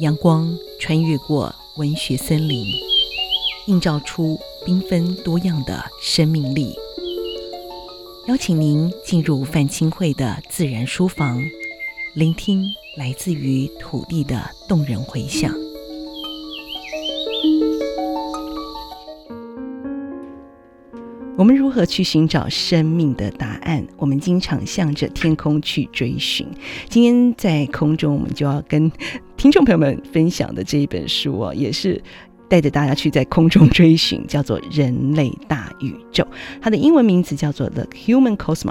陽光穿越過文學森林，映照出繽紛多樣的生命力。邀請您進入范欽慧的自然書房，聆聽來自於土地的動人回響。我們如何去尋找生命的答案？我們經常向着天空去追尋。今天在空中，我們就要跟聽眾朋友們分享的這一本書啊，也是帶着大家去在空中追尋，叫做《人類大宇宙》，它的英文名字叫做《The Human Cosmos》。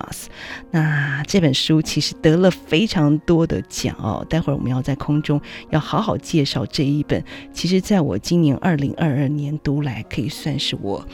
那這本書其實得了非常多的獎哦，待會兒我們要在空中要好好介紹這一本。其實，在我今年二零二二年讀來，可以算是我。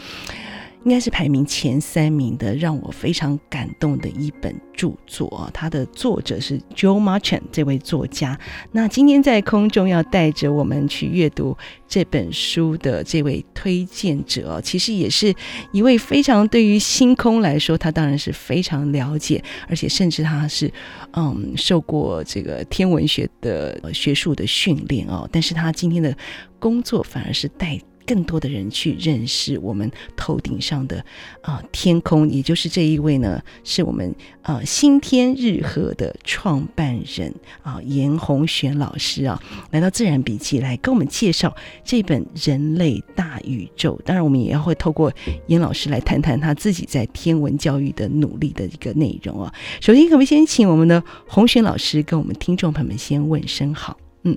應該是排名前三名的，讓我非常感動的一本著作。他的作者是 Jo Marchant 這位作家。那今天在空中要帶着我們去閱讀這本書的這位推薦者，哦，其實也是一位非常對於星空來說，他當然是非常了解，而且甚至他是，嗯，受過這個天文學的學術的訓練哦。但是他今天的工作反而是帶。更多的人去認識我們頭頂上的啊、呃、天空，也就是這一位呢，是我們啊星、呃、天日和的創辦人啊、呃、顏鴻選老師啊，來到自然筆記來跟我們介紹這本《人類大宇宙》，當然我們也要會透過嚴老師來談談他自己在天文教育的努力的一個內容啊。首先，可不可以先請我們的鴻選老師跟我們聽眾朋友們先問聲好？嗯。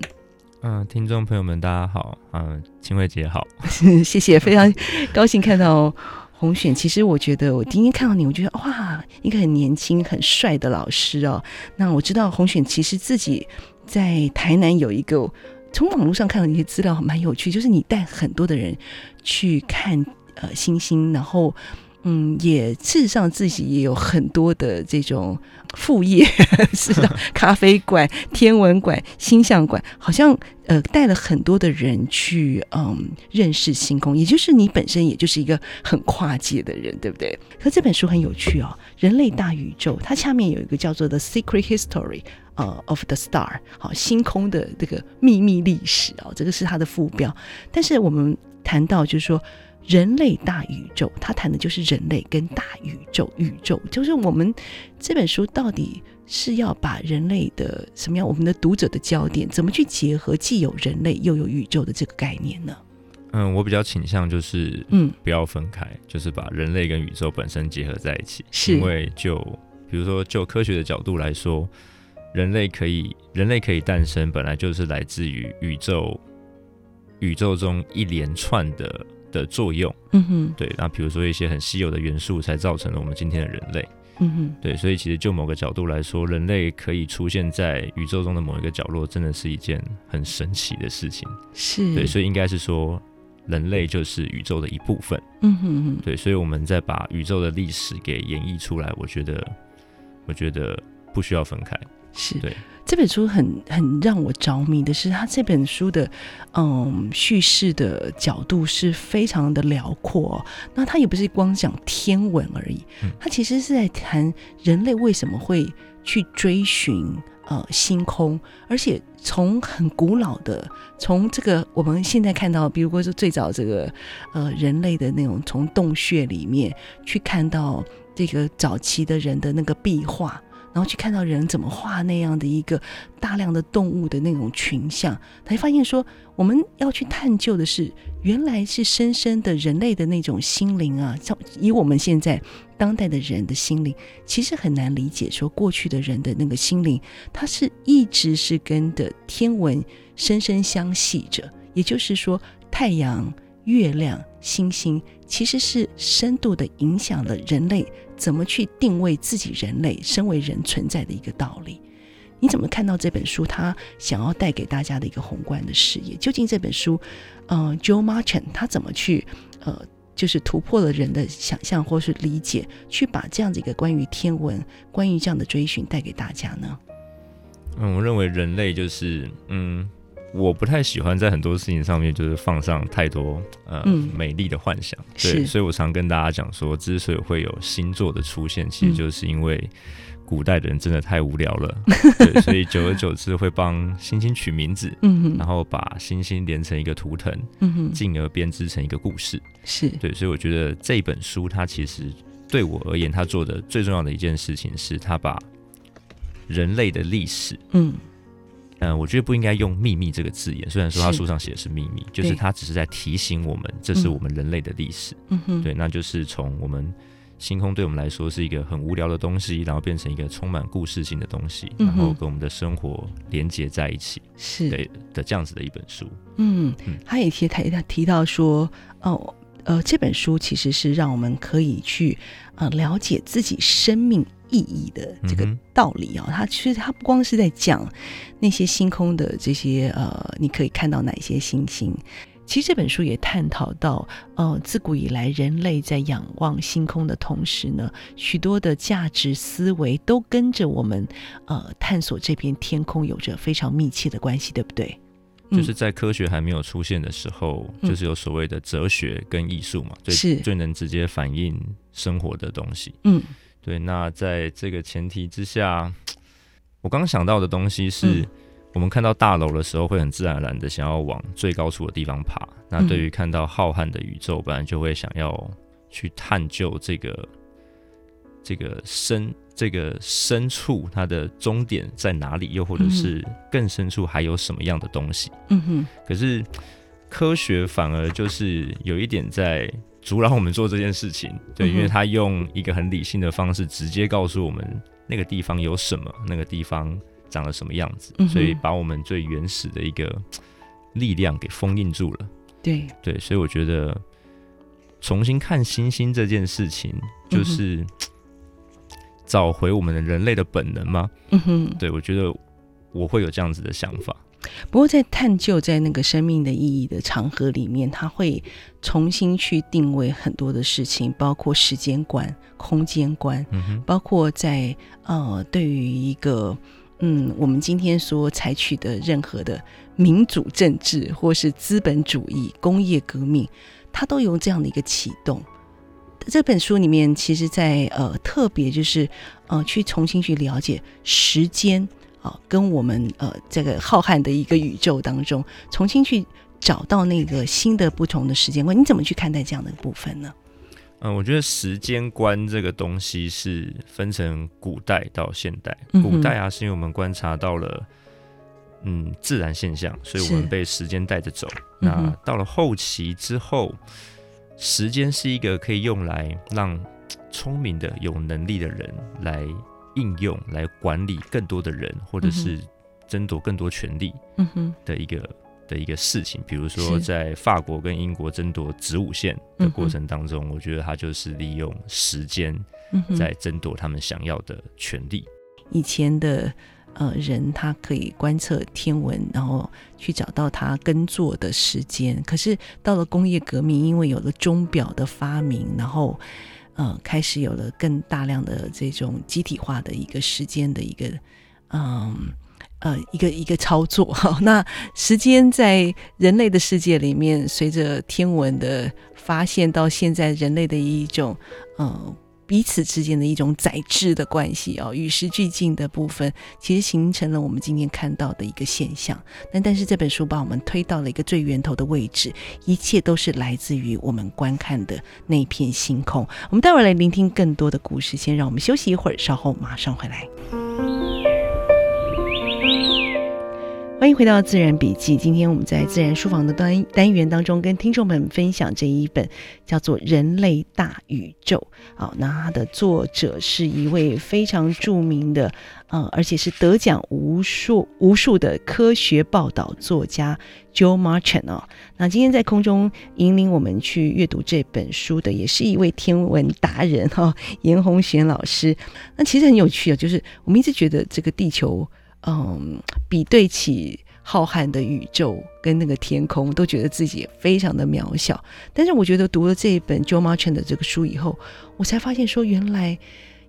嗯，聽眾朋友們，大家好。嗯，秦慧姐好， 謝謝，非常高興看到鴻選。其實我覺得，我第一天看到你，我覺得哇，一個很年輕、很帥的老師哦。那我知道鴻選其實自己在台南有一個，從網絡上看到一些資料，蠻有趣，就是你帶很多的人去看呃星星，然後。嗯，也事實上自己也有很多的這種副業，是 的，咖啡館、天文館、星象館，好像呃帶了很多的人去嗯認識星空，也就是你本身也就是一個很跨界的人，對不對？可這本書很有趣哦，《人類大宇宙》，它下面有一個叫做 The Secret History 呃 of the Star，好，哦，星空的這個秘密歷史哦，這個是它的副標。但是我們談到就是說。人類大宇宙，它談的就是人類跟大宇宙。宇宙就是我們這本書到底是要把人類的什麼樣？我們的讀者的焦點怎麼去結合？既有人類又有宇宙的這個概念呢？嗯，我比較傾向就是，嗯，不要分開，嗯，就是把人類跟宇宙本身結合在一起。是。因為就比如說，就科學的角度來說，人類可以人類可以誕生，本來就是來自於宇宙，宇宙中一連串的。的作用，嗯哼，對，那比如說一些很稀有的元素，才造成了我們今天的人類，嗯哼，對，所以其實就某個角度來說，人類可以出現在宇宙中的某一個角落，真的是一件很神奇的事情，是對，所以應該是說，人類就是宇宙的一部分，嗯哼嗯，對，所以我們在把宇宙的歷史給演繹出來，我覺得，我覺得不需要分開，是對。這本書很很讓我着迷的是，他這本書的嗯敘事的角度是非常的遼闊。那他也不是光講天文而已，他其實是在談人類為什麼會去追尋呃星空，而且從很古老的，從這個我們現在看到，比如說最早這個呃人類的那種從洞穴裡面去看到這個早期的人的那個壁畫。然後去看到人怎麼畫那樣的一個大量的動物的那種群像，他就發現說，我們要去探究的是，原來是深深的人類的那種心靈啊，像以我們現在當代的人的心靈，其實很難理解說過去的人的那個心靈，它是一直是跟的天文深深相繫着，也就是說太陽。月亮、星星其實是深度的影響了人類怎麼去定位自己，人類身為人存在的一個道理。你怎麼看到這本書？他想要帶給大家的一個宏觀的視野。究竟這本書，呃，Jo Marchant 他怎麼去，呃，就是突破了人的想象或是理解，去把這樣子一個關於天文、關於這樣的追尋帶給大家呢？嗯，我認為人類就是，嗯。我不太喜歡在很多事情上面，就是放上太多呃、嗯、美麗的幻想。對，所以我常跟大家講說，之所以會有星座的出現，其實就是因為古代的人真的太無聊了。嗯、對，所以久而久之會幫星星取名字， 然後把星星連成一個圖騰，嗯哼、進而編織成一個故事。是、嗯、對，所以我覺得這本書它其實對我而言，它做的最重要的一件事情是，它把人類的歷史，嗯。嗯、呃，我覺得不應該用“祕密”這個字眼。雖然說他書上寫的是祕密，是就是他只是在提醒我們，這是我們人類的歷史。嗯哼，對，那就是從我們星空對我們來說是一個很無聊的東西，然後變成一個充滿故事性的東西，嗯、然後跟我們的生活連接在一起。是的，的這樣子的一本書。嗯，嗯，他也提，他提到說，哦，呃，這本書其實是讓我們可以去嗯，了解自己生命意義的這個道理啊、哦嗯，它其實它不光是在講那些星空的這些呃，你可以看到哪些星星。其實這本書也探討到，呃，自古以來人類在仰望星空的同時呢，許多的價值思維都跟着我們呃探索這片天空有着非常密切的關係，對不對？就是在科學還沒有出現的時候，嗯、就是有所謂的哲學跟藝術嘛，對、嗯，是最能直接反映生活的東西，嗯。對，那在這個前提之下，我剛想到的東西是，嗯、我們看到大樓的時候會很自然而然的想要往最高處的地方爬。那對於看到浩瀚的宇宙，本來就會想要去探究這個這個深這個深處它的終點在哪裡，又或者是更深處還有什麼樣的東西。嗯哼、可是科學反而就是有一點在阻撓我們做這件事情，對，因為他用一個很理性的方式，直接告訴我們那個地方有什麼，那個地方長了什麼樣子，嗯，所以把我們最原始的一個力量給封印住了。對，對，所以我覺得重新看星星這件事情，就是找回我們的人類的本能嗎？嗯哼，對，我覺得我會有這樣子的想法。不過，在探究，在那個生命的意義的長河裡面，他會重新去定位很多的事情，包括時間觀、空間觀，嗯、包括在呃，對於一個嗯，我們今天所採取的任何的民主政治，或是資本主義、工業革命，它都有這樣的一個啟動。這本書裡面，其實在，在呃，特別就是呃，去重新去了解時間。跟我們呃，這個浩瀚的一個宇宙當中，重新去找到那個新的不同的時間觀，你怎麼去看待這樣的部分呢？嗯、呃，我覺得時間觀這個東西是分成古代到現代，嗯、古代啊，是因為我們觀察到了，嗯，自然現象，所以我們被時間帶着走。那到了後期之後，嗯、時間是一個可以用來讓聰明的、有能力的人來。應用來管理更多的人，或者是爭奪更多權力的一個、嗯、的一個事情。比如說，在法國跟英國爭奪子午線的過程當中、嗯，我覺得他就是利用時間在爭奪他們想要的權利、嗯。以前的呃人，他可以觀測天文，然後去找到他耕作的時間。可是到了工業革命，因為有了鐘表的發明，然後。嗯，開始有了更大量的這種集體化的一個時間的一個，嗯呃、嗯，一個一個操作哈。那時間在人類的世界裡面，隨着天文的發現，到現在人類的一種嗯。彼此之間的一種宰制的關係哦，與時俱進的部分，其實形成了我們今天看到的一個現象。那但，但是這本書把我們推到了一個最源頭的位置，一切都是來自於我們觀看的那片星空。我們待會兒來聆聽更多的故事，先讓我們休息一會兒，稍後馬上回來。歡迎回到《自然筆記》。今天我們在自然書房的單單元當中，跟聽眾們分享這一本叫做《人類大宇宙》。好、哦，那它的作者是一位非常著名的，嗯，而且是得獎無數無數的科學報道作家 Jo Marchant 哦。那今天在空中引領我們去閱讀這本書的，也是一位天文達人哈、哦，顏鴻選老師。那其實很有趣啊，就是我們一直覺得這個地球。嗯，比對起浩瀚的宇宙跟那個天空，都覺得自己非常的渺小。但是我覺得讀了這一本 Jo Marchant 的這個書以後，我才發現說，原來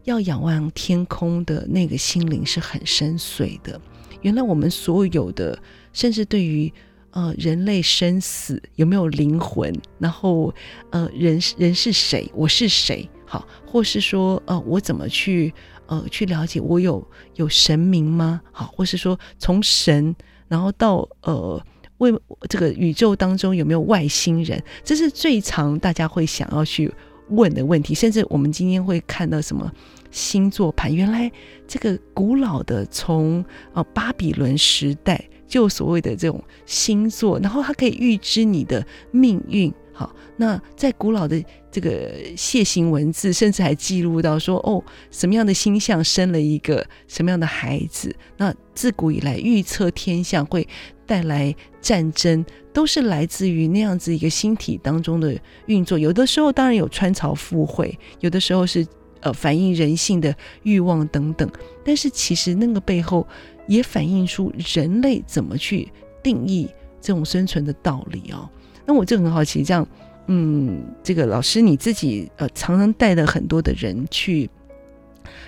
要仰望天空的那個心靈是很深邃的。原來我們所有的，甚至對於呃人類生死有沒有靈魂，然後呃人人是誰，我是誰，好，或是說呃我怎麼去。呃，去了解我有有神明嗎？好，或是說從神，然後到呃，為這個宇宙當中有沒有外星人？這是最常大家會想要去問的問題。甚至我們今天會看到什麼星座盤，原來這個古老的從呃巴比倫時代就所謂的這種星座，然後它可以預知你的命運。好，那在古老的。這個楔形文字甚至還記錄到說哦，什麼樣的星象生了一個什麼樣的孩子。那自古以來預測天象會帶來戰爭，都是來自於那樣子一個星體當中的運作。有的時候當然有穿鑿附會，有的時候是呃反映人性的慾望等等。但是其實那個背後也反映出人類怎麼去定義這種生存的道理哦。那我就很好奇這樣。嗯，這個老師你自己呃，常常帶的很多的人去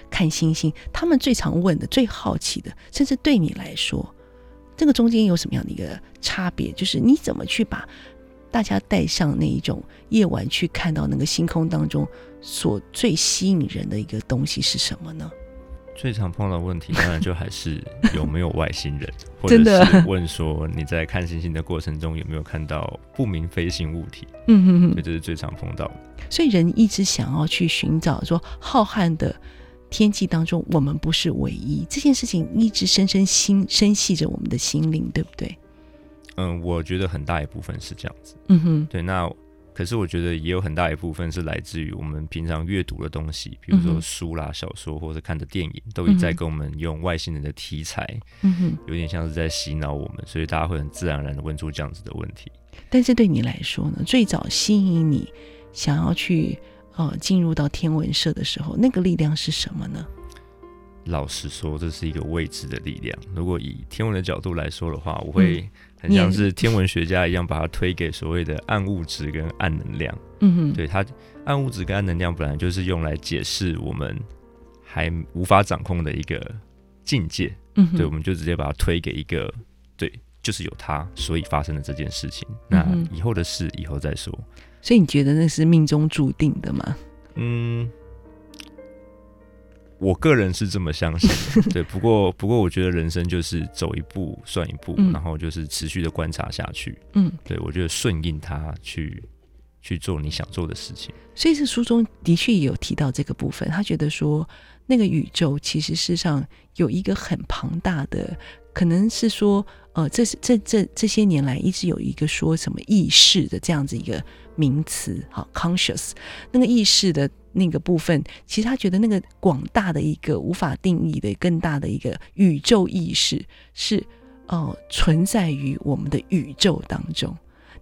看星星，他們最常問的、最好奇的，甚至對你來說，這個中間有什麼樣的一個差別？就是你怎麼去把大家帶上那一種夜晚去看到那個星空當中所最吸引人的一個東西是什麼呢？最常碰到的問題，當然就還是有沒有外星人， 或者是問說你在看星星的過程中有沒有看到不明飛行物體？ 嗯哼哼，所以這是最常碰到的。所以人一直想要去尋找說浩瀚的天際當中，我們不是唯一這件事情，一直深深心深繫着我們的心靈，對不對？嗯，我覺得很大一部分是這樣子。嗯哼，對，那。可是我覺得也有很大一部分是來自於我們平常閱讀的東西，比如說書啦、小說，或者看的電影，嗯、都已在跟我們用外星人的題材、嗯哼，有點像是在洗腦我們，所以大家會很自然而然的問出這樣子的問題。但是對你來說呢，最早吸引你想要去呃進入到天文社的時候，那個力量是什麼呢？老實說，這是一個未知的力量。如果以天文的角度來說的話，我會。嗯很像是天文學家一樣，把它推給所謂的暗物質跟暗能量。嗯對他，暗物質跟暗能量本來就是用來解釋我們還無法掌控的一個境界。嗯對，我們就直接把它推給一個，對，就是有它，所以發生了這件事情。嗯。那以後的事以後再說。所以你覺得那是命中注定的嗎？嗯。我個人是這麼相信的， 對。不過，不過，我覺得人生就是走一步算一步，嗯，然後就是持續的觀察下去。嗯，對我覺得順應他去去做你想做的事情。所以，這書中的確也有提到這個部分，他覺得說，那個宇宙其實世上有一個很龐大的。可能是說，呃，這是，這這這些年來一直有一個說什麼意識的這樣子一個名詞，好，conscious。那個意識的那個部分，其實他覺得那個廣大的一個無法定義的更大的一個宇宙意識是，是、呃、哦存在於我們的宇宙當中。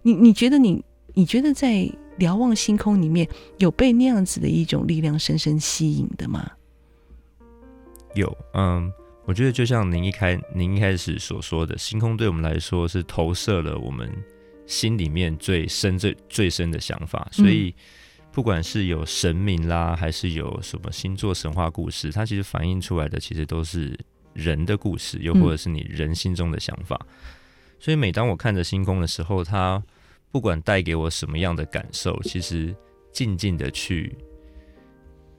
你你覺得你你覺得在瞭望星空裡面有被那樣子的一種力量深深吸引的嗎？有，嗯、um。我覺得就像您一開您一開始所說的，星空對我們來說是投射了我們心裡面最深最、最最深的想法。所以，不管是有神明啦，還是有什麼星座神話故事，它其實反映出來的其實都是人的故事，又或者是你人心中的想法。所以，每當我看着星空的時候，它不管帶給我什麼樣的感受，其實靜靜的去。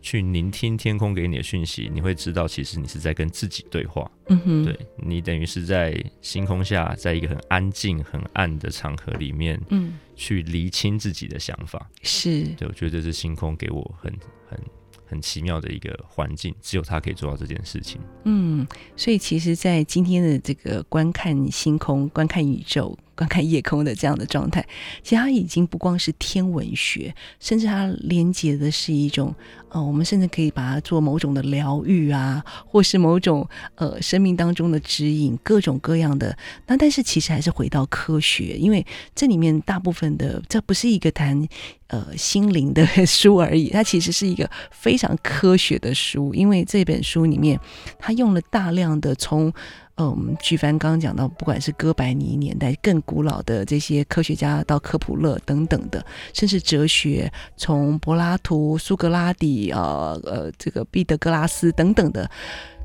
去聆聽天空給你的訊息，你會知道，其實你是在跟自己對話。嗯哼，對，你等於是在星空下，在一個很安靜、很暗的場合裡面，嗯，去釐清自己的想法。是，對，我覺得這是星空給我很、很、很奇妙的一個環境，只有他可以做到這件事情。嗯，所以其實，在今天的這個觀看星空、觀看宇宙。觀看夜空的這樣的狀態，其實它已經不光是天文學，甚至它連接的是一種呃，我們甚至可以把它做某種的療癒啊，或是某種呃生命當中的指引，各種各樣的。那但是其實還是回到科學，因為這裡面大部分的這不是一個談呃心靈的書而已，它其實是一個非常科學的書，因為這本書裡面它用了大量的從。嗯，我們舉凡剛剛講到，不管是哥白尼年代更古老的這些科學家，到科普勒等等的，甚至哲學，從柏拉圖、蘇格拉底啊、呃，呃，這個畢達哥拉斯等等的，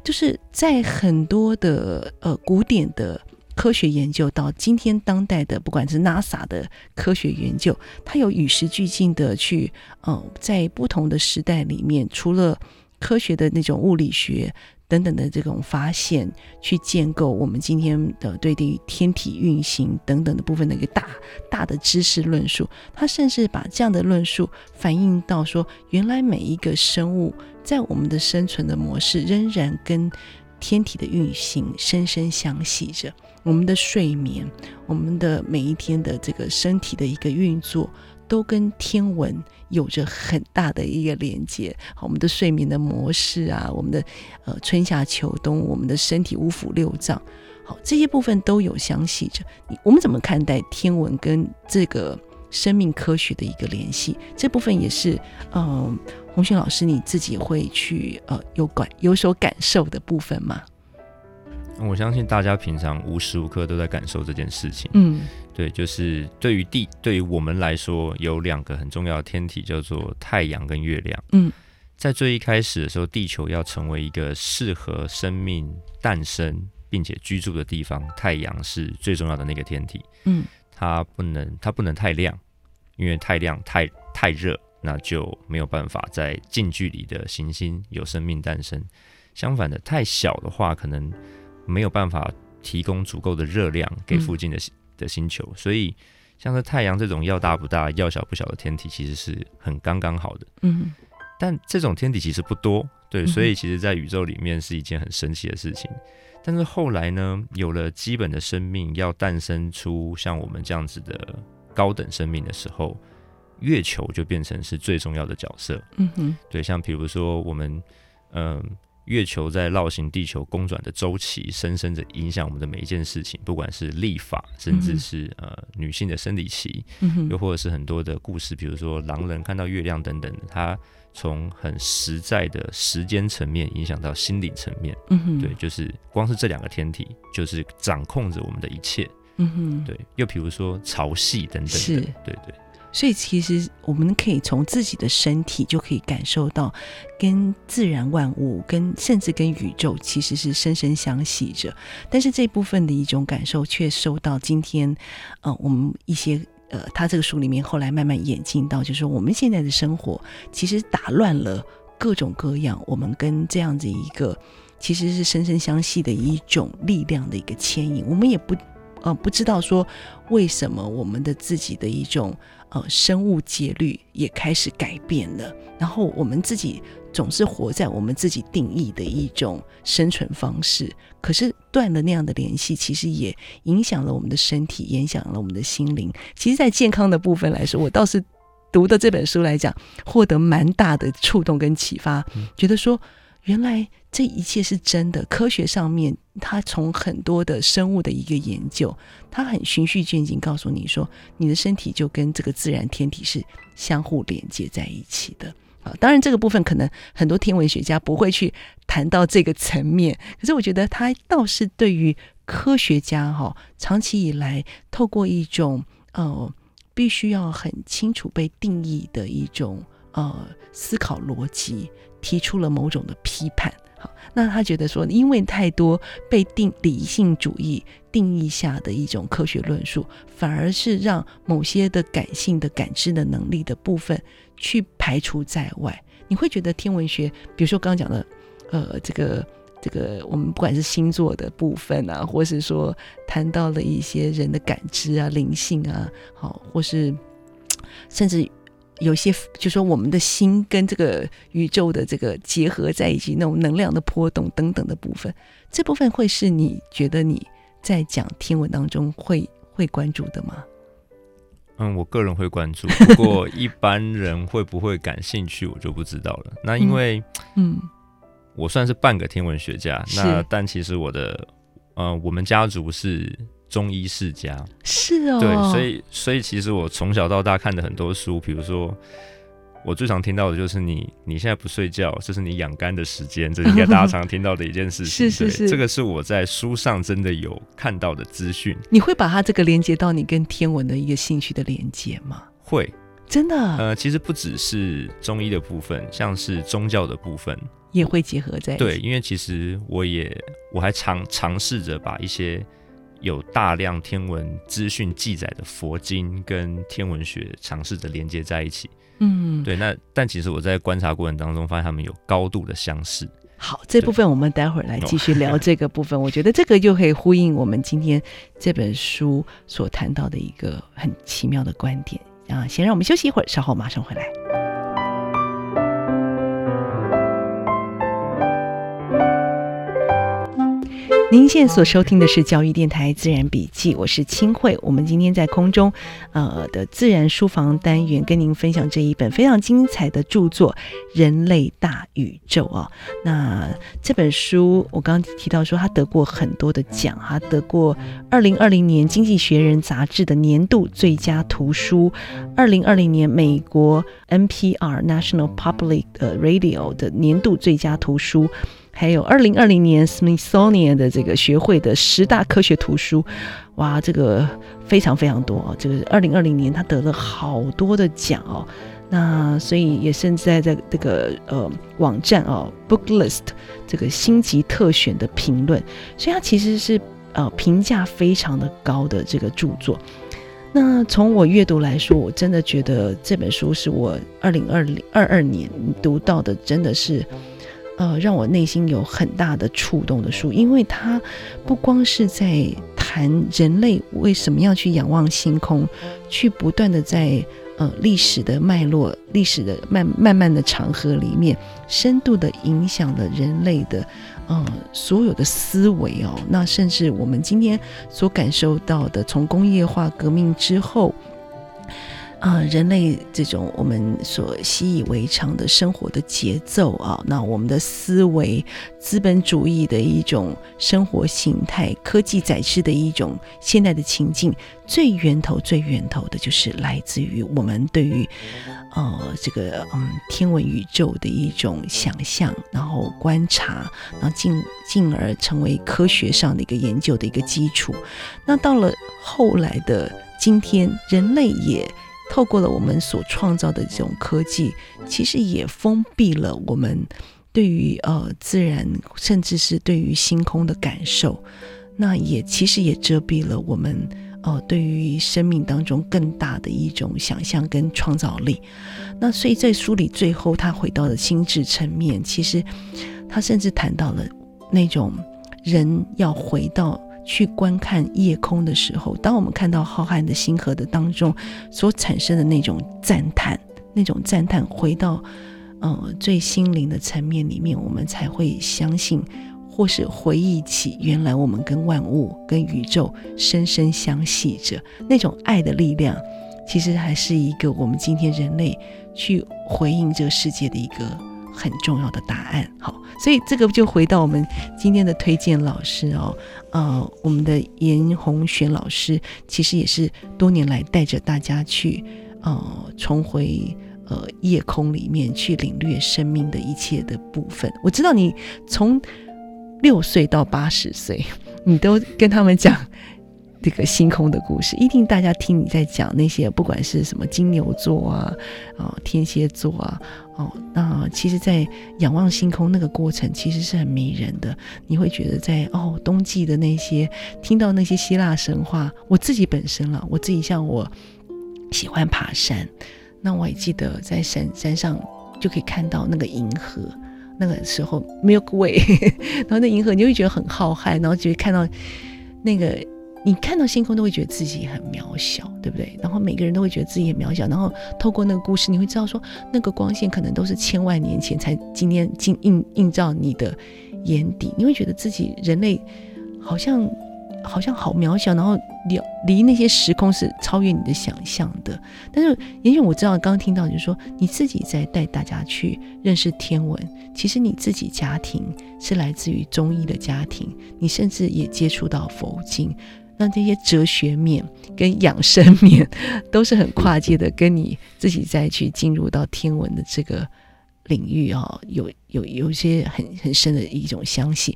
就是在很多的呃古典的科學研究到今天當代的，不管是 NASA 的科學研究，它有與時俱進的去，嗯、呃，在不同的時代裡面，除了科學的那種物理學。等等的這種發現，去建構我們今天的對於天體運行等等的部分的一個大大的知識論述。他甚至把這樣的論述反映到說，原來每一個生物在我們的生存的模式，仍然跟天體的運行深深相繫着。我們的睡眠，我們的每一天的這個身體的一個運作。都跟天文有着很大的一個連接，好，我們的睡眠的模式啊，我們的呃春夏秋冬，我們的身體五腑六臟，好，這些部分都有詳細着。我們怎麼看待天文跟這個生命科學的一個聯繫？這部分也是，嗯、呃，鴻選老師你自己會去呃有感有所感受的部分嗎？我相信大家平常無時無刻都在感受這件事情。嗯，對，就是對於地對於我們來說，有兩個很重要的天體叫做太陽跟月亮。嗯，在最一開始的時候，地球要成為一個適合生命誕生並且居住的地方，太陽是最重要的那個天體。嗯，它不能，它不能太亮，因為太亮太、太太熱，那就沒有辦法在近距離的行星有生命誕生。相反的，太小的話，可能沒有辦法提供足夠的熱量給附近的的星球、嗯，所以像是太陽這種要大不大，要小不小的天體，其實是很剛剛好的、嗯。但這種天體其實不多，對、嗯，所以其實在宇宙裡面是一件很神奇的事情。但是後來呢，有了基本的生命要誕生出像我們這樣子的高等生命的時候，月球就變成是最重要的角色。嗯哼、對，像比如說我們，嗯、呃。月球在繞行地球公轉的周期，深深的影響我們的每一件事情，不管是曆法，甚至是呃女性的生理期、嗯，又或者是很多的故事，比如說狼人看到月亮等等，它從很實在的時間層面影響到心理層面、嗯。對，就是光是這兩個天體，就是掌控着我們的一切。嗯、哼對，又比如說潮汐等等，等，等對，對對。所以，其實我們可以從自己的身體就可以感受到，跟自然萬物、跟甚至跟宇宙，其實是深深相繫着。但是這部分的一種感受，卻受到今天，呃，我們一些呃，他這個書裡面後來慢慢演進到，就是說我們現在的生活，其實打亂了各種各樣我們跟這樣子一個，其實是深深相繫的一種力量的一個牽引。我們也不，呃，不知道說為什麼我們的自己的一種。呃，生物節律也開始改變了，然後我們自己總是活在我們自己定義的一種生存方式，可是斷了那樣的聯繫，其實也影響了我們的身體，影響了我們的心靈。其實在健康的部分來說，我倒是讀的這本書來講，獲得蠻大的觸動跟啟發，覺得說原來這一切是真的，科學上面。他從很多的生物的一個研究，他很循序漸進，告訴你說，你的身體就跟這個自然天體是相互連接在一起的。啊、呃，當然這個部分可能很多天文學家不會去談到這個層面，可是我覺得他倒是對於科學家哈、哦，長期以來透過一種呃必須要很清楚被定義的一種呃思考邏輯提出了某種的批判。那他覺得說，因為太多被定理性主義定義下的一種科學論述，反而是讓某些的感性的感知的能力的部分去排除在外。你會覺得天文學，比如說剛剛講的，呃，這個這個，我們不管是星座的部分啊，或是說談到了一些人的感知啊、靈性啊，好，或是甚至。有些就是說我們的心跟這個宇宙的這個結合在一起那種能量的波動等等的部分，這部分會是你覺得你在講天文當中會會關注的嗎？嗯，我個人會關注，不過一般人會不會感興趣，我就不知道了。 那因為嗯，我算是半個天文學家， 那但其實我的嗯、呃，我們家族是。中醫世家，是哦，對，所以所以其實我從小到大看的很多書，比如說我最常聽到的就是你你現在不睡覺，這是你養肝的時間， 這是應該大家常聽到的一件事情。 是是是，這個是我在書上真的有看到的資訊。你會把它這個連接到你跟天文的一個興趣的連接嗎？會，真的。呃，其實不只是中醫的部分，像是宗教的部分也會結合在一起，對，因為其實我也我還嘗嘗試着把一些。有大量天文資訊記載的佛經跟天文學嘗試着連接在一起，嗯，對。那但其實我在觀察過程當中，發現他們有高度的相似。好，這部分我們待會兒來繼續聊這個部分。哦、 我覺得這個就可以呼應我們今天這本書所談到的一個很奇妙的觀點啊。先讓我們休息一會兒，稍後馬上回來。您現在所收聽的是教育電台《自然筆記》，我是清慧。我們今天在空中，呃的自然書房單元，跟您分享這一本非常精彩的著作《人類大宇宙》啊，哦。那這本書，我剛剛提到說，它得過很多的獎啊，它得過二零二零年《經濟學人》雜誌的年度最佳圖書，二零二零年美國 NPR National Public Radio 的年度最佳圖書。還有二零二零年 Smithsonian 的這個學會的十大科學圖書，哇，這個非常非常多啊、哦。這個二零二零年他得了好多的獎哦，那所以也甚至在在這個呃網站哦 Booklist 這個星級特選的評論，所以他其實是呃評價非常的高的這個著作。那從我閱讀來說，我真的覺得這本書是我二零二零二二年讀到的，真的是。呃，讓我內心有很大的觸動的書，因為它不光是在談人類為什麼要去仰望星空，去不斷的在呃歷史的脈絡、歷史的漫漫漫的長河裡面，深度的影響了人類的呃所有的思維哦，那甚至我們今天所感受到的，從工業化革命之後。啊、嗯，人類這種我們所習以為常的生活的節奏啊，那我們的思維、資本主義的一種生活形態、科技載具的一種現代的情境，最源頭、最源頭的，就是來自於我們對於呃這個嗯天文宇宙的一種想象，然後觀察，然後進進而成為科學上的一個研究的一個基礎。那到了後來的今天，人類也。透過了我們所創造的這種科技，其實也封閉了我們對於呃自然，甚至是對於星空的感受。那也其實也遮蔽了我們呃對於生命當中更大的一種想象跟創造力。那所以在書裡最後，他回到了心智層面，其實他甚至談到了那種人要回到。去觀看夜空的時候，當我們看到浩瀚的星河的當中所產生的那種讚嘆，那種讚嘆，回到，呃，最心靈的層面裡面，我們才會相信，或是回憶起原來我們跟萬物、跟宇宙深深相繫着那種愛的力量，其實還是一個我們今天人類去回應這個世界的一個。很重要的答案，好，所以這個就回到我們今天的推薦老師哦，呃，我們的顏鴻選老師，其實也是多年來帶着大家去，呃，重回呃夜空裡面去領略生命的一切的部分。我知道你從六歲到八十歲，你都跟他們講。 這個星空的故事，一定大家聽你在講那些，不管是什麼金牛座啊，啊、哦、天蠍座啊，哦，那其實，在仰望星空那個過程，其實是很迷人的。你會覺得在哦，冬季的那些，聽到那些希臘神話，我自己本身了，我自己像我喜歡爬山，那我也記得在山山上就可以看到那個銀河，那個時候 Milky Way，然後那銀河你會覺得很浩瀚，然後就會看到那個。你看到星空都會覺得自己很渺小，對不對？然後每個人都會覺得自己很渺小。然後透過那個故事，你會知道說，那個光線可能都是千萬年前才今天映映映照你的眼底。你會覺得自己人類好像好像好渺小，然後離離那些時空是超越你的想象的。但是，也許我知道，剛剛聽到你說，你自己在帶大家去認識天文，其實你自己家庭是來自於中醫的家庭，你甚至也接觸到佛經。像這些哲學面跟養生面都是很跨界的，跟你自己再去進入到天文的這個領域啊、哦，有有有些很很深的一種相繫。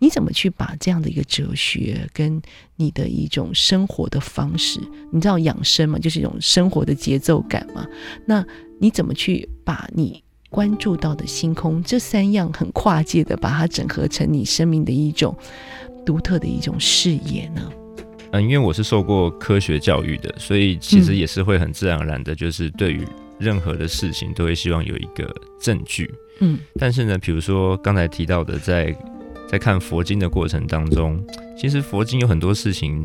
你怎麼去把這樣的一個哲學跟你的一種生活的方式，你知道養生嗎？就是一種生活的節奏感嗎？那你怎麼去把你關注到的星空這三樣很跨界的，把它整合成你生命的一種獨特的一種視野呢？嗯，因為我是受過科學教育的，所以其實也是會很自然而然的，就是對於任何的事情都會希望有一個證據。嗯，但是呢，比如說剛才提到的在，在在看佛經的過程當中，其實佛經有很多事情，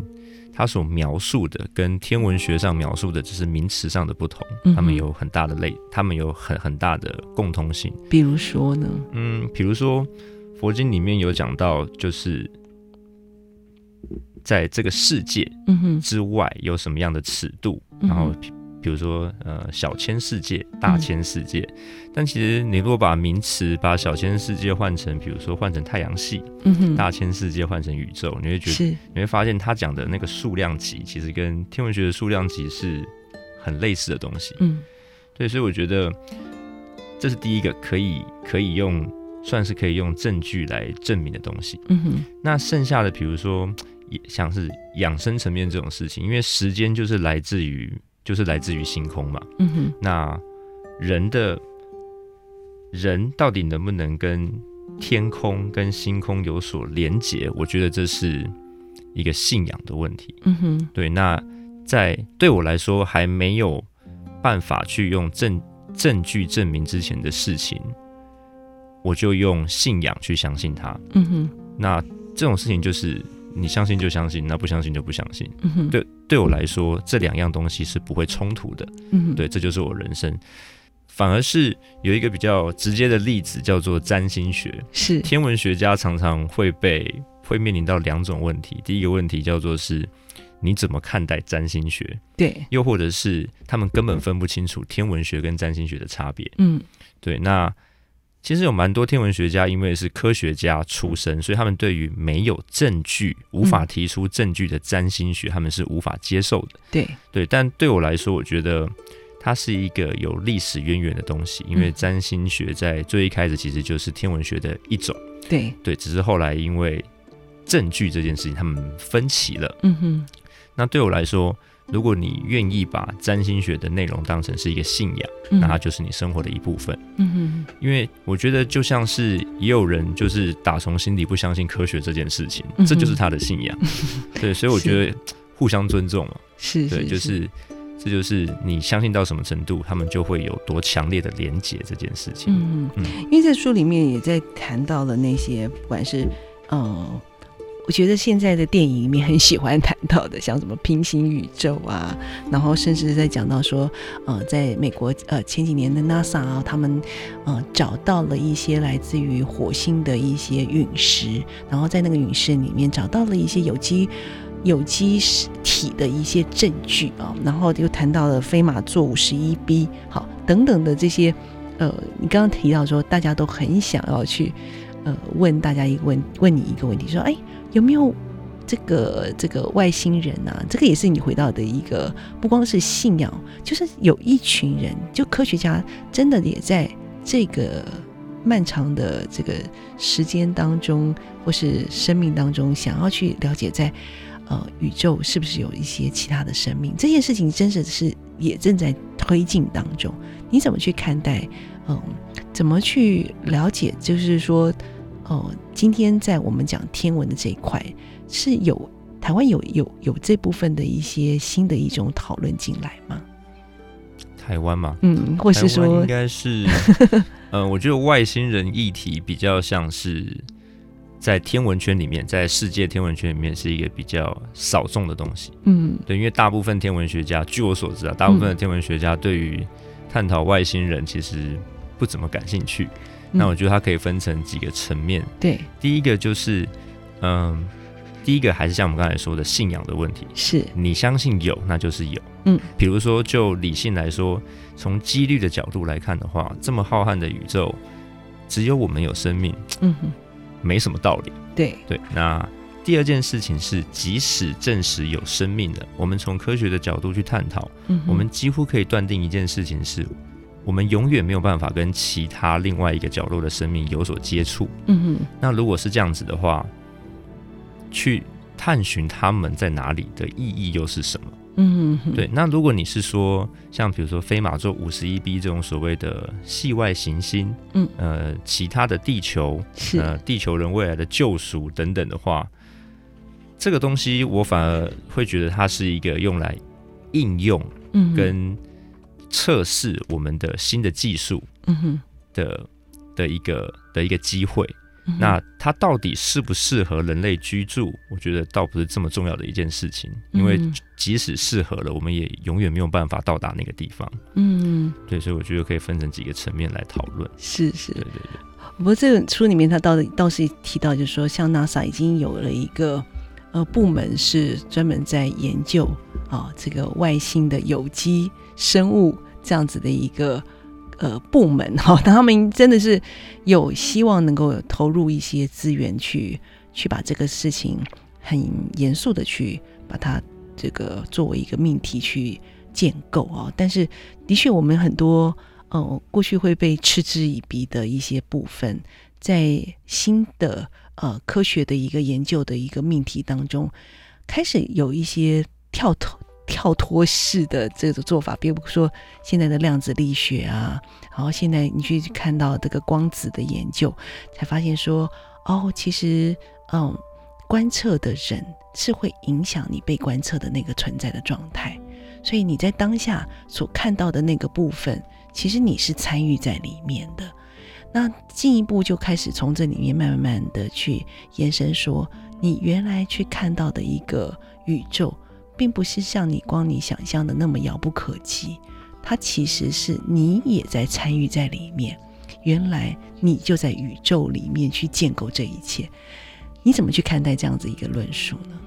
它所描述的跟天文學上描述的，就是名詞上的不同。它他們有很大的類，他們有很很大的共通性。比如說呢，嗯，比如說佛經裡面有講到，就是。在這個世界之外有什麼樣的尺度？嗯、然後比如說，呃，小千世界、大千世界。嗯、但其實你如果把名詞把小千世界換成，比如說換成太陽系、嗯，大千世界換成宇宙，你會覺得你會發現他講的那個數量級其實跟天文學的數量級是很類似的東西、嗯。對，所以我覺得這是第一個可以可以用算是可以用證據來證明的東西。嗯、那剩下的比如說。像是養生層面這種事情，因為時間就是來自於，就是來自於星空嘛。嗯哼，那人的人到底能不能跟天空、跟星空有所連結？我覺得這是一個信仰的問題。嗯哼，對。那在對我來說，還沒有辦法去用證證據證明之前的事情，我就用信仰去相信它。嗯哼，那這種事情就是。你相信就相信，那不相信就不相信，嗯。對，對我來說，這兩樣東西是不會衝突的。嗯、對，這就是我人生。反而是有一個比較直接的例子，叫做占星學。是，天文學家常常會被會面臨到兩種問題。第一個問題叫做是，你怎麼看待占星學？對，又或者是他們根本分不清楚天文學跟占星學的差別。嗯，對，那。其實有蠻多天文學家，因為是科學家出身，所以他們對於沒有證據、無法提出證據的占星學，嗯、他們是無法接受的。對對，但對我來說，我覺得它是一個有歷史淵源的東西，因為占星學在最一開始其實就是天文學的一種。對對，只是後來因為證據這件事情，他們分歧了。嗯哼，那對我來說。如果你願意把占星學的內容當成是一個信仰，那它就是你生活的一部分。嗯、因為我覺得就像是也有人就是打從心底不相信科學這件事情，嗯、這就是他的信仰、嗯。對，所以我覺得互相尊重嘛，是，對，就是這就是你相信到什麼程度，他們就會有多強烈的連結這件事情。嗯嗯，因為在書裡面也在談到了那些，不管是嗯。呃我覺得現在的電影裡面很喜歡談到的，像什麼平行宇宙啊，然後甚至在講到說，呃，在美國呃前幾年的 NASA 啊，他們呃找到了一些來自於火星的一些隕石，然後在那個隕石裡面找到了一些有機有機體的一些證據啊，然後又談到了飛馬座五十一 B，好等等的這些呃，你剛剛提到說大家都很想要去呃問大家一個問問你一個問題，說哎。有沒有這個這個外星人呢、啊？這個也是你回到的一個不光是信仰，就是有一群人，就科學家真的也在這個漫長的這個時間當中，或是生命當中，想要去了解在，在呃宇宙是不是有一些其他的生命？這件事情，真的是也正在推進當中。你怎麼去看待？嗯，怎麼去了解？就是說。哦，今天在我們講天文的這一塊，是有台灣有有有這部分的一些新的一種討論進來嗎？台灣嘛，嗯，或是說應該是，嗯， 呃，我覺得外星人議題比較像是在天文圈裡面，在世界天文圈裡面是一個比較少眾的東西。嗯，對，因為大部分天文學家，據我所知啊，大部分的天文學家對於探討外星人其實不怎麼感興趣。那我覺得它可以分成幾個層面、嗯。對，第一個就是，嗯，第一個還是像我們剛才說的信仰的問題。是，你相信有，那就是有。嗯，比如說就理性來說，從幾率的角度來看的話，這麼浩瀚的宇宙，只有我們有生命，嗯哼，沒什麼道理。對對。那第二件事情是，即使證實有生命的，我們從科學的角度去探討，嗯，我們幾乎可以斷定一件事情是。我們永遠沒有辦法跟其他另外一個角落的生命有所接觸、嗯哼。那如果是這樣子的話，去探尋他們在哪裡的意義又是什麼？嗯哼、對。那如果你是說，像比如說飛馬座五十一 B 這種所謂的系外行星，嗯、呃，其他的地球，是、呃、地球人未來的救贖等等的話，這個東西我反而會覺得它是一個用來應用嗯，嗯，跟。測試我們的新的技術的嗯哼，的的一個的一個機會，嗯，那它到底適不適合人類居住？我覺得倒不是這麼重要的一件事情，嗯、因為即使適合了，我們也永遠沒有辦法到達那個地方。嗯對，所以我覺得可以分成幾個層面來討論。是是，對對對。不過這本書裡面他倒是倒是提到，就是說，像 NASA 已經有了一個呃部門是專門在研究啊這個外星的有機生物。這樣子的一個呃部門哈，哦、他們真的是有希望能夠投入一些資源去去把這個事情很嚴肅的去把它這個作為一個命題去建構哦，但是，的確，我們很多呃過去會被嗤之以鼻的一些部分，在新的呃科學的一個研究的一個命題當中，開始有一些跳脫。跳脫式的這種做法，比如說現在的量子力學啊，然後現在你去看到這個光子的研究，才發現說哦，其實嗯，觀測的人是會影響你被觀測的那個存在的狀態，所以你在當下所看到的那個部分，其實你是參與在裡面的。那進一步就開始從這裡面慢慢的去延伸說，說你原來去看到的一個宇宙。並不是像你光你想象的那麼遙不可及，它其實是你也在參與在裡面。原來你就在宇宙裡面去建構這一切，你怎麼去看待這樣子一個論述呢？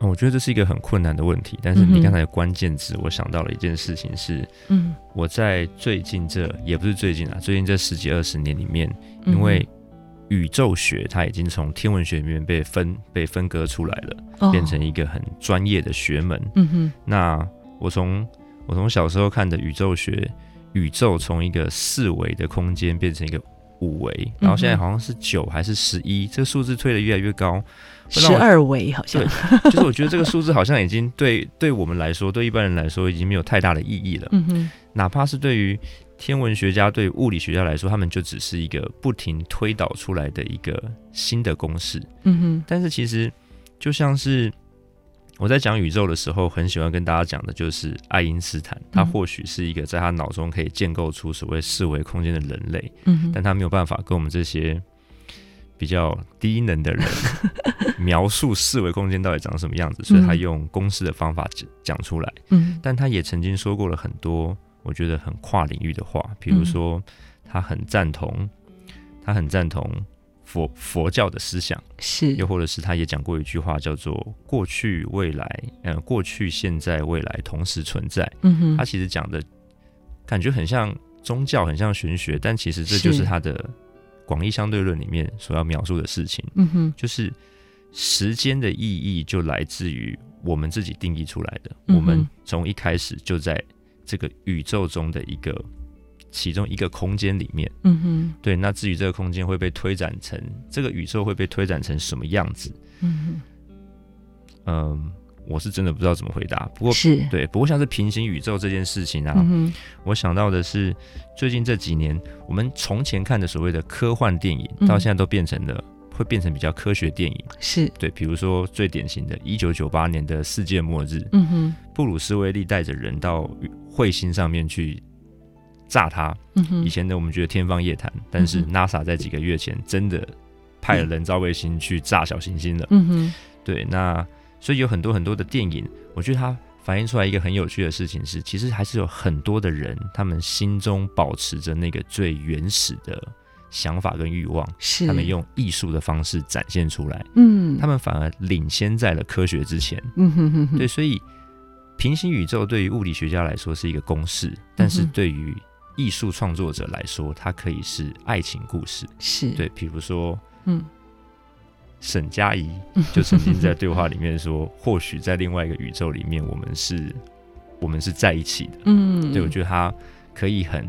我覺得這是一個很困難的問題。但是你剛才的關鍵字，我想到了一件事情是，嗯，我在最近這也不是最近啊，最近這十幾二十年裡面，因為。宇宙學，它已經從天文學裡面被分被分割出來了，oh. 變成一個很專業的學門。Mm -hmm. 那我從我從小時候看的宇宙學，宇宙從一個四維的空間變成一個五維，然後現在好像是九還是十一，這個數字推得越來越高，十二維好像。對，就是我覺得這個數字好像已經對對我們來說， 對一般人來說已經沒有太大的意義了。Mm -hmm. 哪怕是對於。天文學家對物理學家來說，他們就只是一個不停推導出來的一個新的公式。嗯哼、但是其實，就像是我在講宇宙的時候，很喜歡跟大家講的，就是愛因斯坦，嗯、他或許是一個在他腦中可以建構出所謂四維空間的人類、嗯哼，但他沒有辦法跟我們這些比較低能的人、嗯、描述四維空間到底長什麼樣子、嗯，所以他用公式的方法講出來、嗯哼。但他也曾經說過了很多。我覺得很跨領域的話，比如說他很贊同、嗯，他很贊同佛佛教的思想，是又或者是他也講過一句話叫做“過去未來，嗯、呃，過去現在未來同時存在。嗯”嗯哼，他其實講的感覺很像宗教，很像玄學，但其實這就是他的廣義相對論裡面所要描述的事情。嗯哼，就是時間的意義就來自於我們自己定義出來的，嗯、我們從一開始就在。這個宇宙中的一個，其中一個空間裡面，嗯哼，對。那至於這個空間會被推展成，這個宇宙會被推展成什麼樣子？嗯哼，嗯、呃，我是真的不知道怎麼回答。不過是對，不過像是平行宇宙這件事情啊、嗯，我想到的是，最近這幾年，我們從前看的所謂的科幻電影，到現在都變成了。會變成比較科學電影，是，對，比如說最典型的一九九八年的世界末日，嗯哼，布魯斯威利帶着人到彗星上面去炸它，嗯哼，以前呢我們覺得天方夜譚，但是 NASA 在幾個月前真的派了人造衛星去炸小行星了，嗯哼，對，那所以有很多很多的電影，我覺得它反映出來一個很有趣的事情是，其實還是有很多的人，他們心中保持着那個最原始的。想法跟欲望，他們用藝術的方式展現出來，嗯，他們反而領先在了科學之前，嗯哼哼、哼。對，所以平行宇宙對於物理學家來說是一個公式，嗯、但是對於藝術創作者來說，它可以是愛情故事，是對。比如說，嗯，沈佳宜就曾經在對話裡面說，嗯、哼哼，或許在另外一個宇宙裡面，我們是，我們是在一起的，嗯。對，我覺得他可以很。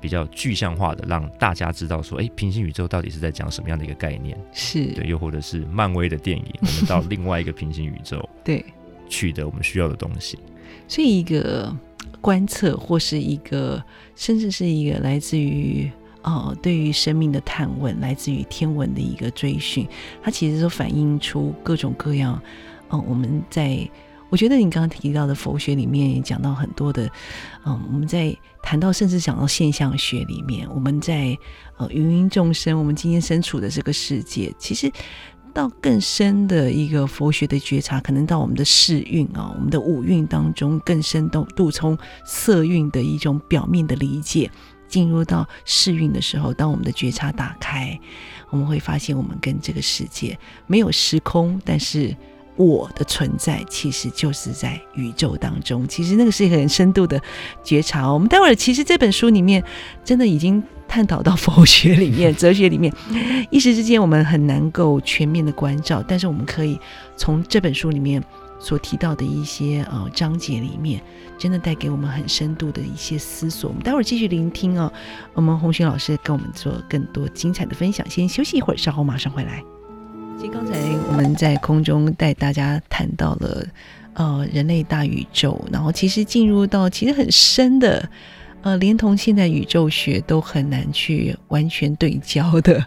比較具象化的，讓大家知道說，誒、欸，平行宇宙到底是在講什麼樣的一個概念？是對，又或者是漫威的電影，我們到另外一個平行宇宙，對，取得我們需要的東西。 所以，一個觀測，或是一個，甚至是一個來自於哦、呃，對於生命的探問，來自於天文的一個追尋，它其實都反映出各種各樣，嗯、呃，我們在。我覺得你剛剛提到的佛學裡面也講到很多的，嗯，我們在談到甚至講到現象學裡面，我們在呃芸芸眾生，我們今天身處的這個世界，其實到更深的一個佛學的覺察，可能到我們的識蘊啊，我們的五蘊當中更深的，都從色蘊的一種表面的理解進入到識蘊的時候，當我們的覺察打開，我們會發現我們跟這個世界沒有時空，但是。我的存在其實就是在宇宙當中，其實那個是一個很深度的覺察、哦。我們待會兒其實這本書裡面真的已經探討到佛學裡面、 哲學裡面，一時之間我們很難夠全面的關照，但是我們可以從這本書裡面所提到的一些呃章節裡面，真的帶給我們很深度的一些思索。我們待會兒繼續聆聽哦，我們鴻選老師跟我們做更多精彩的分享。先休息一會兒，稍後馬上回來。其實剛才我們在空中帶大家談到了，呃，人類大宇宙，然後其實進入到其實很深的，呃，連同現在宇宙學都很難去完全對焦的，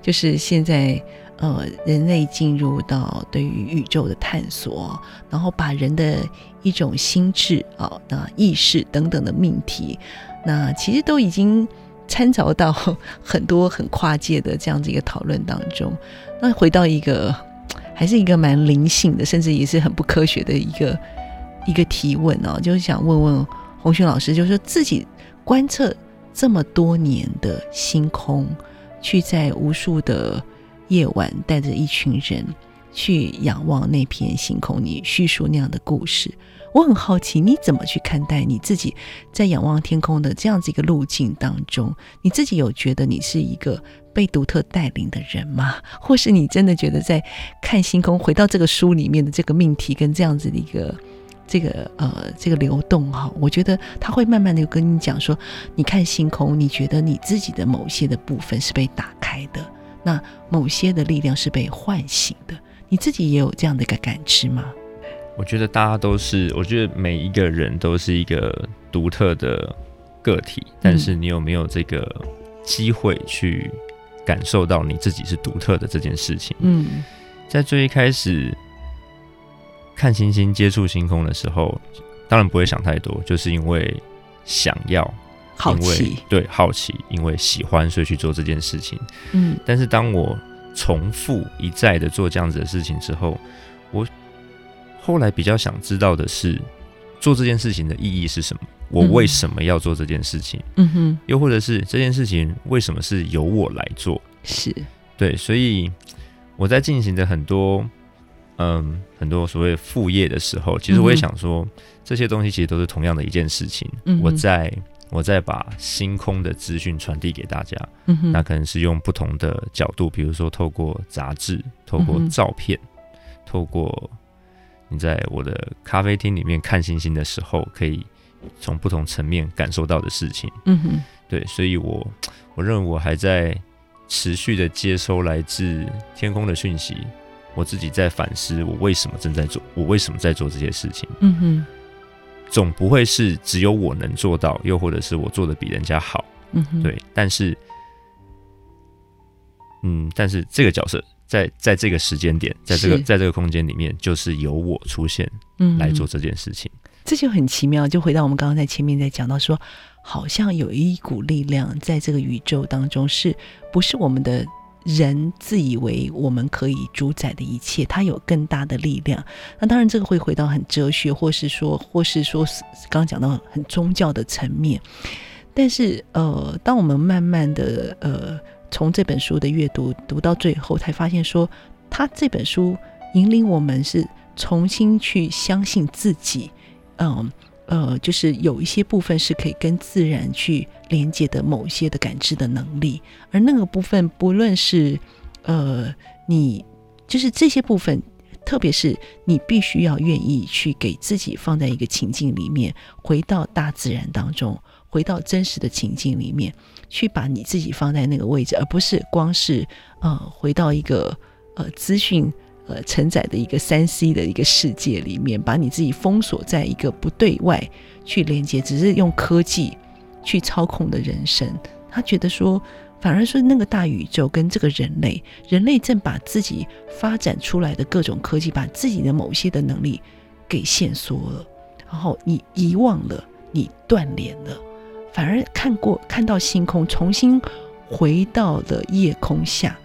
就是現在呃，人類進入到對於宇宙的探索，然後把人的一種心智啊，那、呃、意識等等的命題，那其實都已經。參照到很多很跨界的這樣子一個討論當中，那回到一個還是一個蠻靈性的，甚至也是很不科學的一個一個提問哦，就是想問問鴻選老師，就是說自己觀測這麼多年的星空，去在無數的夜晚帶着一群人去仰望那片星空，你敘述那樣的故事。我很好奇，你怎麼去看待你自己在仰望天空的這樣子一個路徑當中？你自己有覺得你是一個被獨特帶領的人嗎？或是你真的覺得在看星空，回到這個書裡面的這個命題跟這樣子的一個這個呃這個流動哈？我覺得他會慢慢的跟你講說，你看星空，你覺得你自己的某些的部分是被打開的，那某些的力量是被喚醒的，你自己也有這樣的一個感知嗎？我覺得大家都是，我覺得每一個人都是一個獨特的個體，嗯，但是你有沒有這個機會去感受到你自己是獨特的這件事情？嗯，在最一開始看星星、接觸星空的時候，當然不會想太多，嗯，就是因為想要，好奇，因為對好奇，因為喜歡，所以去做這件事情。嗯，但是當我重複一再的做這樣子的事情之後，我。後來比較想知道的是，做這件事情的意義是什麼？我為什麼要做這件事情？嗯，嗯哼，又或者是這件事情為什麼是由我來做？是對，所以我在進行着很多，嗯，很多所謂副業的時候，其實我也想說，嗯，這些東西其實都是同樣的一件事情。嗯，我在我在把星空的資訊傳遞給大家，嗯哼，那可能是用不同的角度，比如說透過雜誌，透過照片，嗯、透過。你在我的咖啡廳裡面看星星的時候，可以從不同層面感受到的事情。嗯哼，對，所以我我認為我還在持續的接收來自天空的訊息。我自己在反思，我為什麼正在做，我為什麼在做這些事情。嗯哼，總不會是只有我能做到，又或者是我做得比人家好。嗯哼，對，但是，嗯，但是這個角色。在在這個時間點，在這個在這個空間裡面，就是由我出現來做這件事情，嗯，這就很奇妙。就回到我們剛剛在前面在講到說，好像有一股力量在這個宇宙當中，是不是我們的人自以為我們可以主宰的一切？它有更大的力量。那當然，這個會回到很哲學，或是說，或是說剛剛講到很宗教的層面。但是，呃，當我們慢慢的，呃。從這本書的閱讀讀到最後，才發現說，他這本書引領我們是重新去相信自己，嗯呃，呃，就是有一些部分是可以跟自然去連接的某些的感知的能力，而那個部分不論是呃你就是這些部分，特別是你必須要願意去給自己放在一個情境裡面，回到大自然當中。回到真實的情境裡面，去把你自己放在那個位置，而不是光是呃回到一個呃資訊呃承載的一個三 C 的一個世界裡面，把你自己封鎖在一個不對外去連接，只是用科技去操控的人生。他覺得說，反而是那個大宇宙跟這個人類，人類正把自己發展出來的各種科技，把自己的某些的能力給限縮了，然後你遺忘了，你斷聯了。反而看過，看到星空，重新回到了夜空下。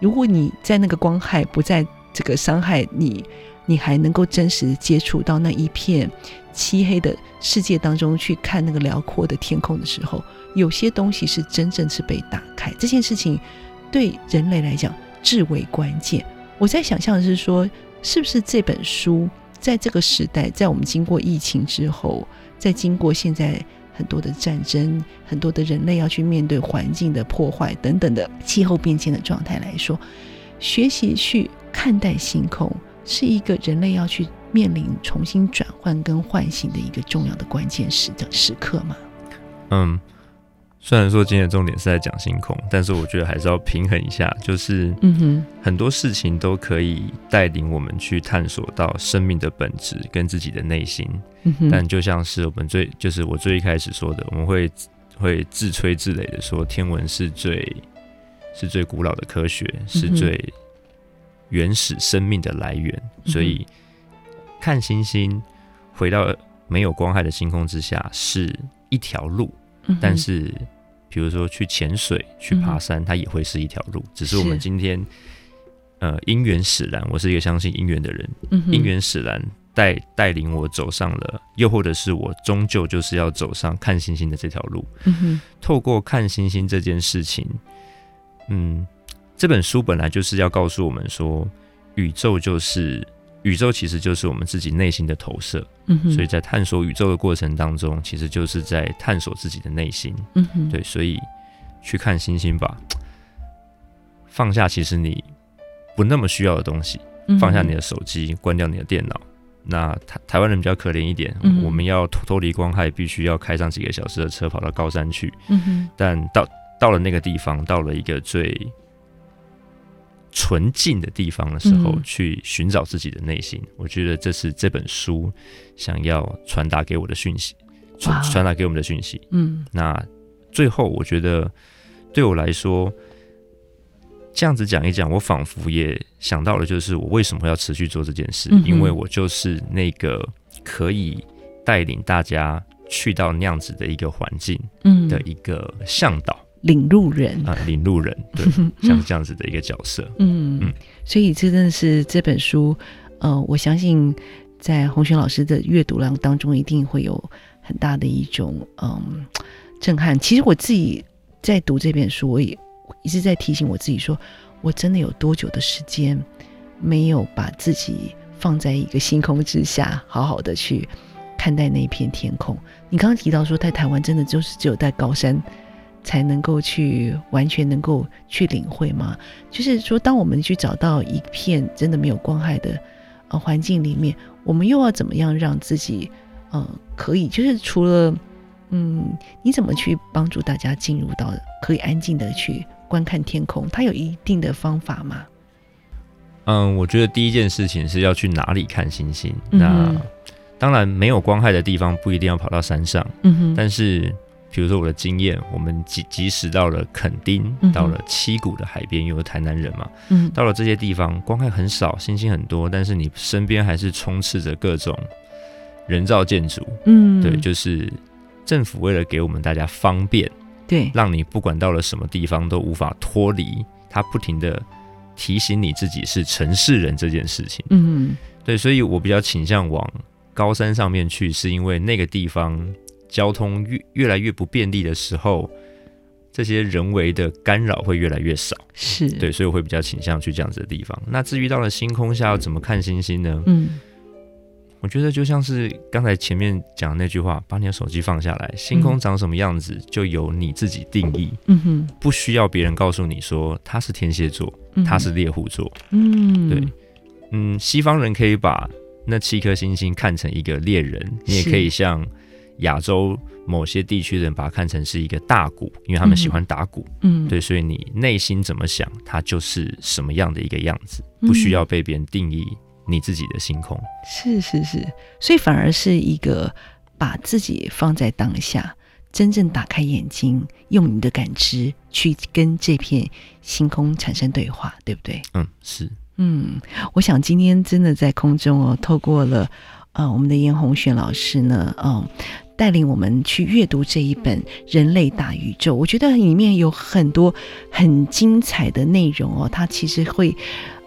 如果你在那個光害不再這個傷害你，你還能夠真實接觸到那一片漆黑的世界當中，去看那個遼闊的天空的時候，有些東西是真正是被打開。這件事情對人類來講至為關鍵。我在想象的是說，是不是這本書在這個時代，在我們經過疫情之後，在經過現在。很多的戰爭，很多的人類要去面對環境的破壞等等的氣候變遷的狀態來說，學習去看待星空，是一個人類要去面臨重新轉換跟喚醒的一個重要的關鍵時的時刻嗎？嗯、um.。雖然說今天的重點是在講星空，但是我覺得還是要平衡一下，就是嗯哼，很多事情都可以帶領我們去探索到生命的本質跟自己的內心，嗯哼。但就像是我們最，就是我最一開始說的，我們會會自吹自擂的說，天文是最是最古老的科學，是最原始生命的來源，嗯。所以看星星，回到沒有光害的星空之下，是一條路。但是，比如說去潛水、去爬山，嗯、它也會是一條路。只是我們今天，呃，因緣使然。我是一個相信因緣的人，嗯、因緣使然帶帶領我走上了，又或者是我終究就是要走上看星星的這條路，嗯。透過看星星這件事情，嗯，這本書本來就是要告訴我們說，宇宙就是。宇宙其實就是我們自己內心的投射、嗯，所以在探索宇宙的過程當中，其實就是在探索自己的內心。嗯、對，所以去看星星吧，放下其實你不那麼需要的東西，嗯、放下你的手機，關掉你的電腦。嗯、那台台灣人比較可憐一點，嗯、我們要脫脫離光害，必須要開上幾個小時的車跑到高山去。嗯、但到到了那個地方，到了一個最純淨的地方的時候，嗯，去尋找自己的內心。我覺得這是這本書想要傳達給我的訊息，傳傳達給我們的訊息。嗯，那最後我覺得對我來說，這樣子講一講，我仿佛也想到了，就是我為什麼要持續做這件事，嗯，因為我就是那個可以帶領大家去到那樣子的一個環境，嗯，的一個向導。嗯嗯領路人啊，領路人，對， 像這樣子的一個角色。嗯嗯，所以這真的是這本書，呃，我相信在鴻選老師的閱讀量當中，一定會有很大的一種嗯震撼。其實我自己在讀這本書，我也一直在提醒我自己說，說我真的有多久的時間沒有把自己放在一個星空之下，好好的去看待那一片天空。你剛剛提到說，在台灣真的就是只有在高山。才能夠去完全能夠去領會嗎？就是說，當我們去找到一片真的沒有光害的呃環境裡面，我們又要怎麼樣讓自己呃可以？就是除了嗯，你怎麼去幫助大家進入到可以安靜的去觀看天空？它有一定的方法嗎？嗯，我覺得第一件事情是要去哪裡看星星。嗯、那當然，沒有光害的地方不一定要跑到山上。嗯哼，但是。比如說我的經驗，我們即即使到了墾丁，到了七股的海邊，嗯、因為台南人嘛、嗯，到了這些地方，光害很少，星星很多，但是你身邊還是充斥着各種人造建築，嗯，對，就是政府為了給我們大家方便，對，讓你不管到了什麼地方都無法脫離，他不停的提醒你自己是城市人這件事情，嗯，對，所以我比較傾向往高山上面去，是因為那個地方。交通越越來越不便利的時候，這些人為的干擾會越來越少。是對，所以我會比較傾向去這樣子的地方。那至於到了星空下要怎麼看星星呢？嗯，我覺得就像是剛才前面講的那句話，把你的手機放下來，星空長什麼樣子就由你自己定義。嗯，不需要別人告訴你說，它是天蠍座，它是獵戶座。嗯，對，嗯，西方人可以把那七顆星星看成一個獵人，你也可以像亞洲某些地區的人把它看成是一個大鼓，因為他們喜歡打鼓，嗯，嗯，對，所以你內心怎麼想，它就是什麼樣的一個樣子，不需要被別人定義。你自己的星空。嗯，是是是，所以反而是一個把自己放在當下，真正打開眼睛，用你的感知去跟這片星空產生對話，對不對？嗯，是，嗯，我想今天真的在空中哦，透過了啊、呃，我們的顏鴻選老師呢，嗯、呃。帶領我們去閱讀這一本《人類大宇宙》，我覺得裡面有很多很精彩的內容哦。它其實會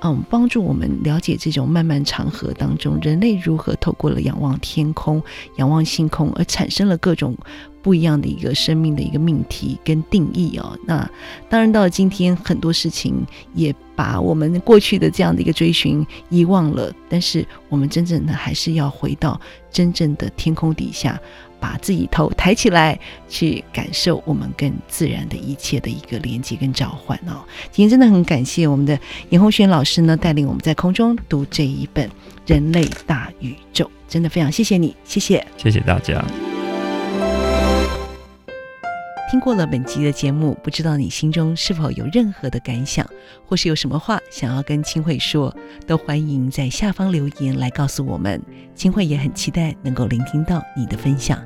嗯幫助我們了解這種漫漫長河當中，人類如何透過了仰望天空、仰望星空，而產生了各種不一樣的一個生命的一個命題跟定義哦。那當然到了今天，很多事情也把我們過去的這樣的一個追尋遺忘了，但是我們真正的還是要回到真正的天空底下，把自己頭抬起來，去感受我們跟自然的一切的一個連接跟召喚哦。今天真的很感謝我們的顏鴻選老師呢，帶領我們在空中讀這一本《人類大宇宙》，真的非常謝謝你，謝謝，謝謝大家。聽過了本集的節目，不知道你心中是否有任何的感想，或是有什麼話想要跟清慧說，都歡迎在下方留言來告訴我們。清慧也很期待能夠聆聽到你的分享。